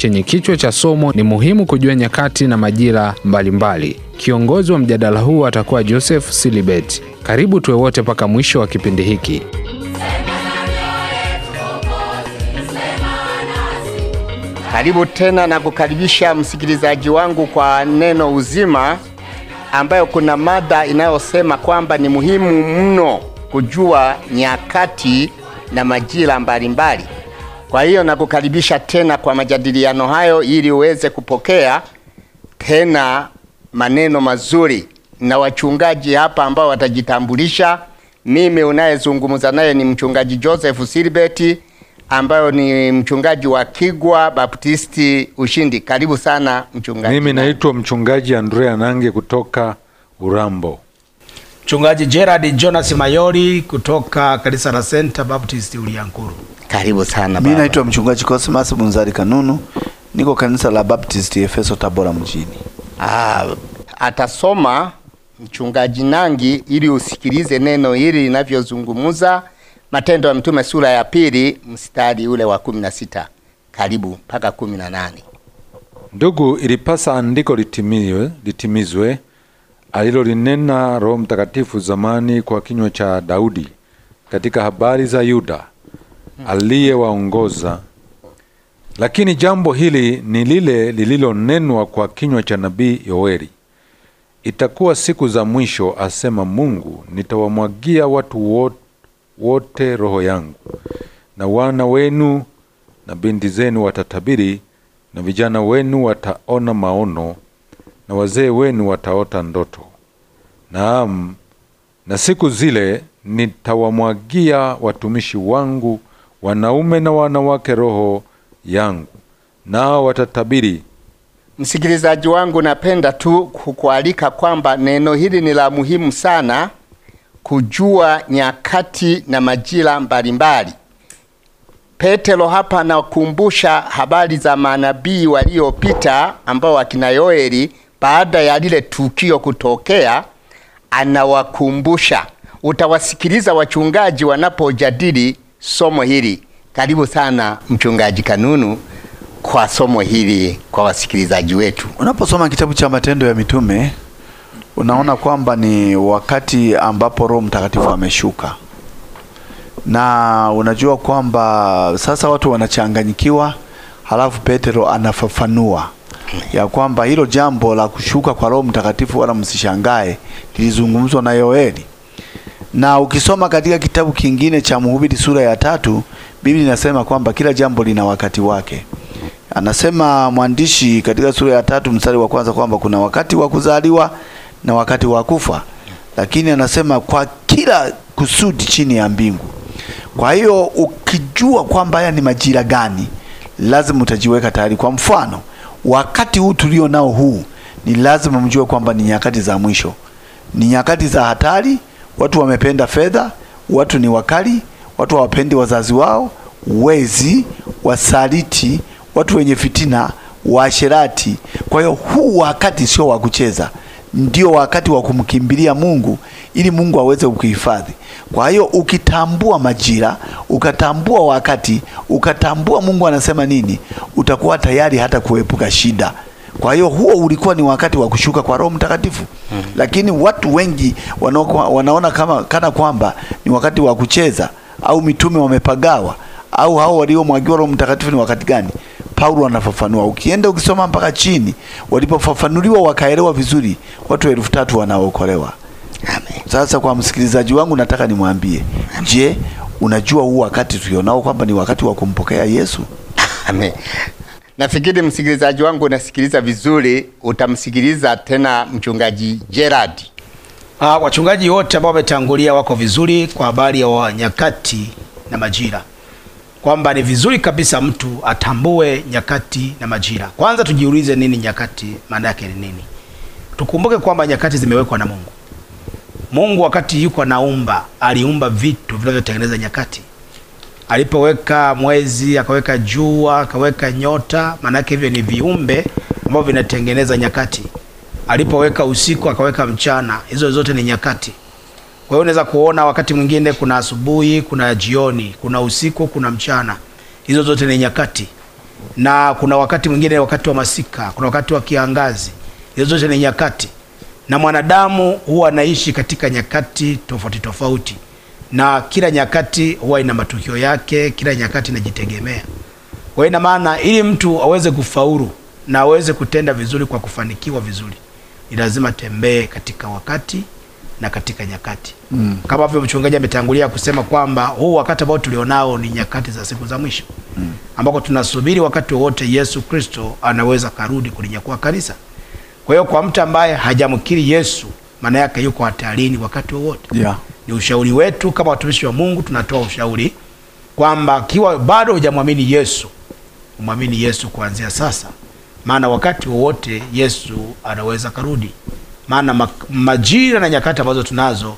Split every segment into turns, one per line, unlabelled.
chenye kichwa cha somo ni muhimu kujua nyakati na majira mbalimbali mbali. Kiongozi wa mjadala huu atakuwa Joseph Silibet. Karibu tuwe wote mpaka mwisho wa kipindi hiki.
Karibu tena na kukaribisha msikilizaji wangu kwa neno uzima, ambayo kuna mada inayosema kwamba ni muhimu mno kujua nyakati na majira mbalimbali mbali. Kwa hiyo nakukaribisha tena kwa majadiliano hayo ili uweze kupokea tena maneno mazuri na wachungaji hapa ambao watajitambulisha. Mimi unayezungumza naye ni mchungaji Joseph Silbeti ambayo ni mchungaji wa Kigwa Baptisti Ushindi. Karibu sana
mchungaji. Mimi naitwa mchungaji Andrea Nange kutoka Urambo. Mchungaji
Gerard Jonas Mayori kutoka kanisa la Center Baptist Uliankuru.
Karibu
sana baba. Mimi naitwa mchungaji Cosmas Bunzari Kanunu, niko kanisa la Baptist Efeso Tabora
mjini. Ah, atasoma mchungaji Nangi ili usikilize neno hili linavyozungumza Matendo ya Mtume sura ya pili mstari ule wa kumi na sita karibu mpaka kumi na nane.
Ndugu, ilipasa andiko litimizwe, litimizwe alilolinena Roho Mtakatifu zamani kwa kinywa cha Daudi katika habari za Yuda aliyewaongoza. Lakini jambo hili ni lile lililonenwa kwa kinywa cha nabii Yoeli, itakuwa siku za mwisho, asema Mungu, nitawamwagia watu wote roho yangu, na wana wenu na binti zenu watatabiri, na vijana wenu wataona maono, na wazee wenu wataota ndoto. Naam, na siku zile nitawamwagia watumishi wangu wanaume na wanawake roho yangu, nao watatabiri. Msikilizaji
wangu, napenda tu kukualika kwamba neno hili ni la muhimu sana, kujua nyakati na majira mbalimbali. Petero hapa anakumbusha habari za manabii waliopita ambao akina Yoeli, baada ya lile tukio kutokea, anawakumbusha. Utawasikiliza wachungaji wanapojadili somo hili. Karibu sana mchungaji Kanunu kwa somo hili kwa wasikilizaji wetu. Unaposoma kitabu cha Matendo ya Mitume unaona kwamba ni wakati
ambapo Roho Mtakatifu ameshuka, na unajua kwamba sasa watu wanachanganyikiwa, halafu Petero anafafanua ya kwamba hilo jambo la kushuka kwa Roho Mtakatifu wala msishangae, lilizungumzwa na Yoeli na ukisoma katika kitabu kingine cha Mhubiri sura ya tatu, Biblia inasema kwamba kila jambo lina wakati wake. Anasema mwandishi katika sura ya tatu mstari wa kwanza kwamba kuna wakati wa kuzaliwa na wakati wa kufa, lakini anasema kwa kila kusudi chini ya mbingu. Kwa hiyo ukijua kwamba haya ni majira gani, lazima utajiweka tayari. Kwa mfano, wakati huu tulio nao huu, ni lazima mjue kwamba ni nyakati za mwisho, ni nyakati za hatari Watu wamependa fedha, watu ni wakali, watu hawapendi wazazi wao, wezi, wasaliti, watu wenye fitina, washerati Kwa hiyo huu wakati sio wa kucheza, ndio wakati wa kumkimbilia Mungu ili Mungu aweze kukuhifadhi. Kwa hiyo ukitambua majira, ukatambua wakati, ukatambua Mungu anasema nini, utakuwa tayari hata kuepuka shida. Kwa hiyo huo ulikuwa ni wakati wa kushuka kwa Roho Mtakatifu mm. Lakini watu wengi wanaokwa, wanaona kama kana kwamba ni wakati wa kucheza au mitume wamepagawa au hao waliomwagiwa Roho Mtakatifu ni wakati gani? Paulo anafafanua, ukienda ukisoma mpaka chini, walipofafanuliwa wakaelewa vizuri, watu elfu tatu wanaokolewa. Amen. Sasa kwa msikilizaji wangu nataka nimwambie, je, unajua huu wakati tulionao kwamba ni wakati wa kumpokea Yesu? Amen.
Nafikiri msikilizaji wangu unasikiliza vizuri,
utamsikiliza tena mchungaji Gerard. Ah, wachungaji wote ambao wametangulia wako vizuri kwa habari ya nyakati na majira, kwamba ni vizuri kabisa mtu atambue nyakati na majira. Kwanza tujiulize nini nyakati, maana yake ni nini? Tukumbuke kwamba nyakati zimewekwa na Mungu. Mungu wakati yuko naumba, aliumba vitu vinavyotengeneza nyakati alipoweka mwezi akaweka jua akaweka nyota, maanake hivyo ni viumbe ambavyo vinatengeneza nyakati. Alipoweka usiku akaweka mchana, hizo zote ni nyakati. Kwa hiyo unaweza kuona wakati mwingine kuna asubuhi, kuna jioni, kuna usiku, kuna mchana, hizo zote ni nyakati. Na kuna wakati mwingine wakati wa masika, kuna wakati wa kiangazi, hizo zote ni nyakati, na mwanadamu huwa anaishi katika nyakati tofauti tofauti na kila nyakati huwa ina matukio yake, kila nyakati inajitegemea. Kwa ina maana ili mtu aweze kufaulu na aweze kutenda vizuri kwa kufanikiwa vizuri, ni lazima tembee katika wakati na katika nyakati mm. Kama vile mchungaji ametangulia kusema kwamba huu wakati ambao tulionao ni nyakati za siku za mwisho mm. ambako tunasubiri wakati wowote Yesu Kristo anaweza karudi kulinyakua kanisa. Kwa hiyo kwa mtu ambaye hajamkiri Yesu, maana yake yuko hatarini wakati wowote yeah. Ni ushauri wetu kama watumishi wa Mungu, tunatoa ushauri kwamba kiwa bado hujamwamini Yesu, umwamini Yesu kuanzia sasa, maana wakati wowote Yesu anaweza karudi. Maana majira na nyakati ambazo tunazo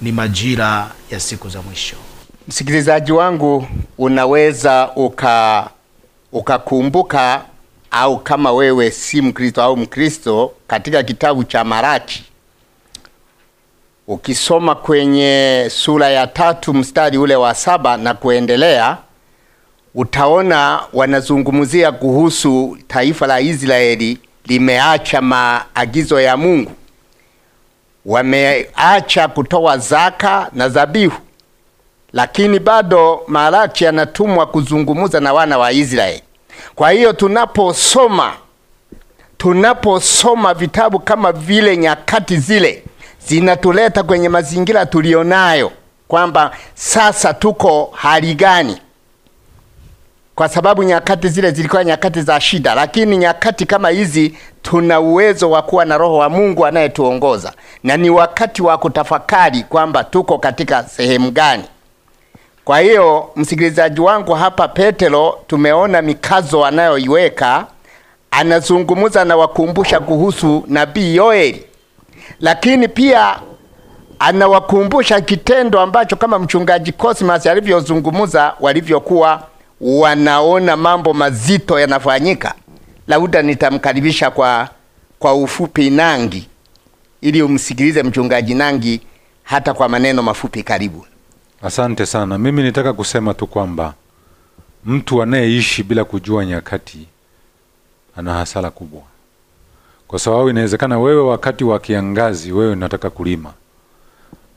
ni majira ya siku za mwisho.
Msikilizaji wangu, unaweza uka ukakumbuka au kama wewe si Mkristo au Mkristo, katika kitabu cha Maraki Ukisoma kwenye sura ya tatu mstari ule wa saba na kuendelea, utaona wanazungumzia kuhusu taifa la Israeli limeacha maagizo ya Mungu, wameacha kutoa zaka na dhabihu, lakini bado Malaki anatumwa kuzungumza na wana wa Israeli. Kwa hiyo tunaposoma tunaposoma vitabu kama vile nyakati zile zinatuleta kwenye mazingira tulionayo, kwamba sasa tuko hali gani? Kwa sababu nyakati zile zilikuwa nyakati za shida, lakini nyakati kama hizi tuna uwezo wa kuwa na roho wa Mungu anayetuongoza, na ni wakati wa kutafakari kwamba tuko katika sehemu gani. Kwa hiyo msikilizaji wangu, hapa Petero tumeona mikazo anayoiweka, anazungumza na wakumbusha kuhusu nabii Yoeli lakini pia anawakumbusha kitendo ambacho kama mchungaji Cosmas alivyozungumza, walivyokuwa wanaona mambo mazito yanafanyika. Lauda nitamkaribisha kwa, kwa ufupi Nangi ili umsikilize mchungaji Nangi hata kwa
maneno mafupi. Karibu. Asante sana. Mimi nitaka kusema tu kwamba mtu anayeishi bila kujua nyakati ana hasara kubwa kwa sababu inawezekana wewe wakati wa kiangazi wewe unataka kulima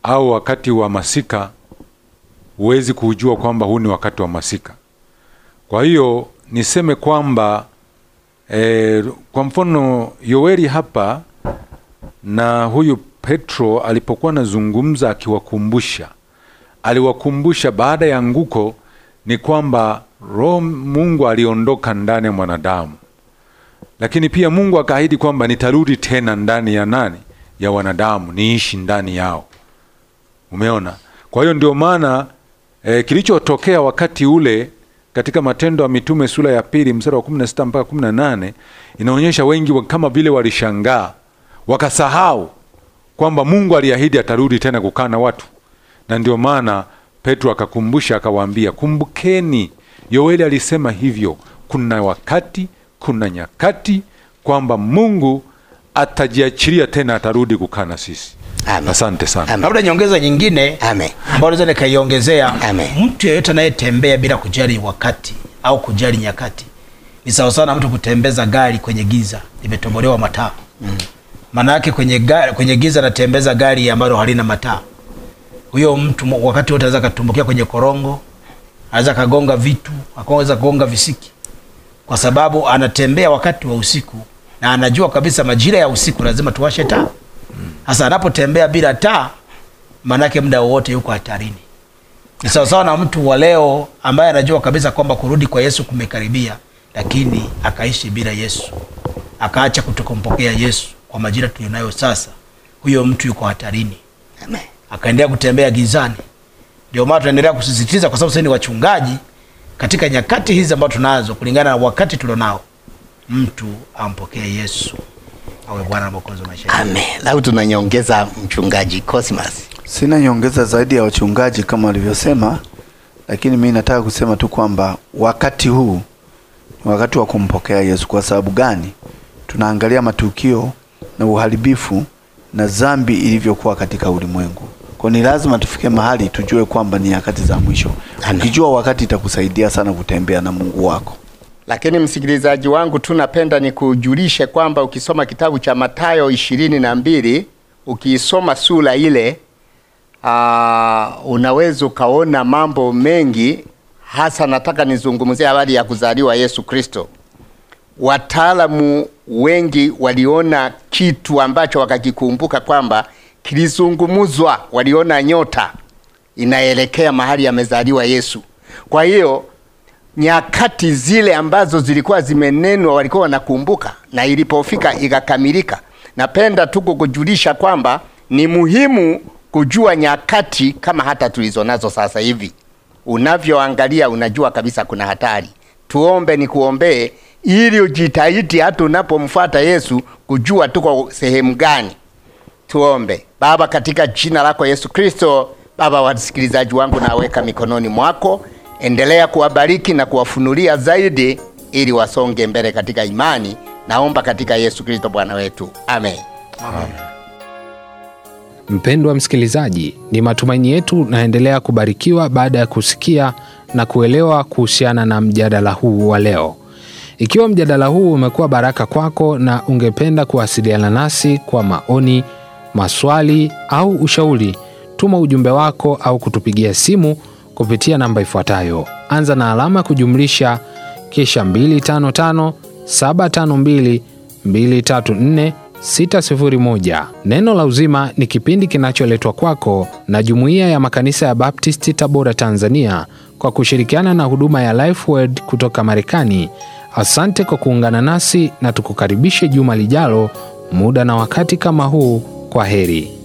au wakati wa masika huwezi kujua kwamba huu ni wakati wa masika. Kwa hiyo niseme kwamba e, kwa mfano Yoweri hapa na huyu Petro alipokuwa anazungumza akiwakumbusha, aliwakumbusha baada ya nguko ni kwamba Roho Mungu aliondoka ndani ya mwanadamu lakini pia Mungu akaahidi kwamba nitarudi tena ndani ya nani? Ya wanadamu, niishi ndani yao. Umeona? Kwa hiyo ndio maana e, kilichotokea wakati ule katika Matendo ya Mitume sura ya pili mstari wa 16 mpaka 18 inaonyesha wengi kama vile walishangaa, wakasahau kwamba Mungu aliahidi atarudi tena kukaa na watu, na ndio maana Petro akakumbusha akawaambia, kumbukeni, Yoeli alisema hivyo, kuna wakati kuna nyakati kwamba Mungu atajiachilia tena, atarudi kukaa na sisi. Amen. Asante sana. Labda nyongeza
nyingine ambayo naweza nikaiongezea, mtu yeyote anayetembea bila kujali wakati au kujali nyakati ni sawa sana mtu kutembeza gari kwenye giza limetobolewa mataa. Mm. Maana yake kwenye, gari, kwenye giza anatembeza gari ambalo halina mataa. Huyo mtu wakati wote anaweza katumbukia kwenye korongo, anaweza kagonga vitu, akaweza kagonga visiki kwa sababu anatembea wakati wa usiku na anajua kabisa majira ya usiku lazima tuwashe taa. Sasa anapotembea bila taa, maanake muda wowote yuko hatarini. Ni sawasawa na mtu wa leo ambaye anajua kabisa kwamba kurudi kwa Yesu kumekaribia, lakini akaishi bila Yesu, akaacha kutokumpokea Yesu kwa majira tulionayo sasa, huyo mtu yuko hatarini, akaendelea kutembea gizani. Ndio maana tunaendelea kusisitiza, kwa sababu sisi ni wachungaji katika nyakati hizi ambazo tunazo kulingana na wakati tulionao, mtu ampokee Yesu
awe Bwana mwokozi wa maisha. Amen. Lau tunanyongeza mchungaji Cosmas. Sina
nyongeza zaidi ya wachungaji kama walivyosema, lakini mimi nataka kusema tu kwamba wakati huu ni wakati wa kumpokea Yesu. Kwa sababu gani? Tunaangalia matukio na uharibifu na dhambi ilivyokuwa katika ulimwengu. Kwa ni lazima tufike mahali tujue kwamba ni nyakati za mwisho. Ukijua wakati itakusaidia sana kutembea na Mungu wako.
Lakini msikilizaji wangu, tunapenda nikujulishe kwamba ukisoma kitabu cha Mathayo ishirini na mbili ukiisoma sura ile uh, unaweza ukaona mambo mengi. Hasa nataka nizungumzie habari ya kuzaliwa Yesu Kristo. Wataalamu wengi waliona kitu ambacho wakakikumbuka kwamba kilizungumzwa, waliona nyota inaelekea mahali amezaliwa Yesu. Kwa hiyo nyakati zile ambazo zilikuwa zimenenwa walikuwa wanakumbuka, na ilipofika ikakamilika. Napenda tu kukujulisha kwamba ni muhimu kujua nyakati kama hata tulizo nazo sasa hivi. Unavyoangalia unajua kabisa kuna hatari. Tuombe, nikuombee ili ujitahidi hata unapomfuata Yesu kujua tuko sehemu gani. Tuombe. Baba, katika jina lako Yesu Kristo, Baba, wasikilizaji wangu naweka mikononi mwako, endelea kuwabariki na kuwafunulia zaidi, ili wasonge mbele katika imani. Naomba katika Yesu Kristo Bwana wetu, amen, amen.
Mpendwa msikilizaji, ni matumaini yetu naendelea kubarikiwa baada ya kusikia na kuelewa kuhusiana na mjadala huu wa leo. Ikiwa mjadala huu umekuwa baraka kwako na ungependa kuwasiliana nasi kwa maoni maswali au ushauri, tuma ujumbe wako au kutupigia simu kupitia namba ifuatayo: anza na alama kujumlisha kisha 255 752 234 601. Neno la Uzima ni kipindi kinacholetwa kwako na Jumuiya ya Makanisa ya Baptisti Tabora, Tanzania, kwa kushirikiana na huduma ya Lifeword kutoka Marekani. Asante kwa kuungana nasi na tukukaribishe juma lijalo, muda na wakati kama huu Quaheri.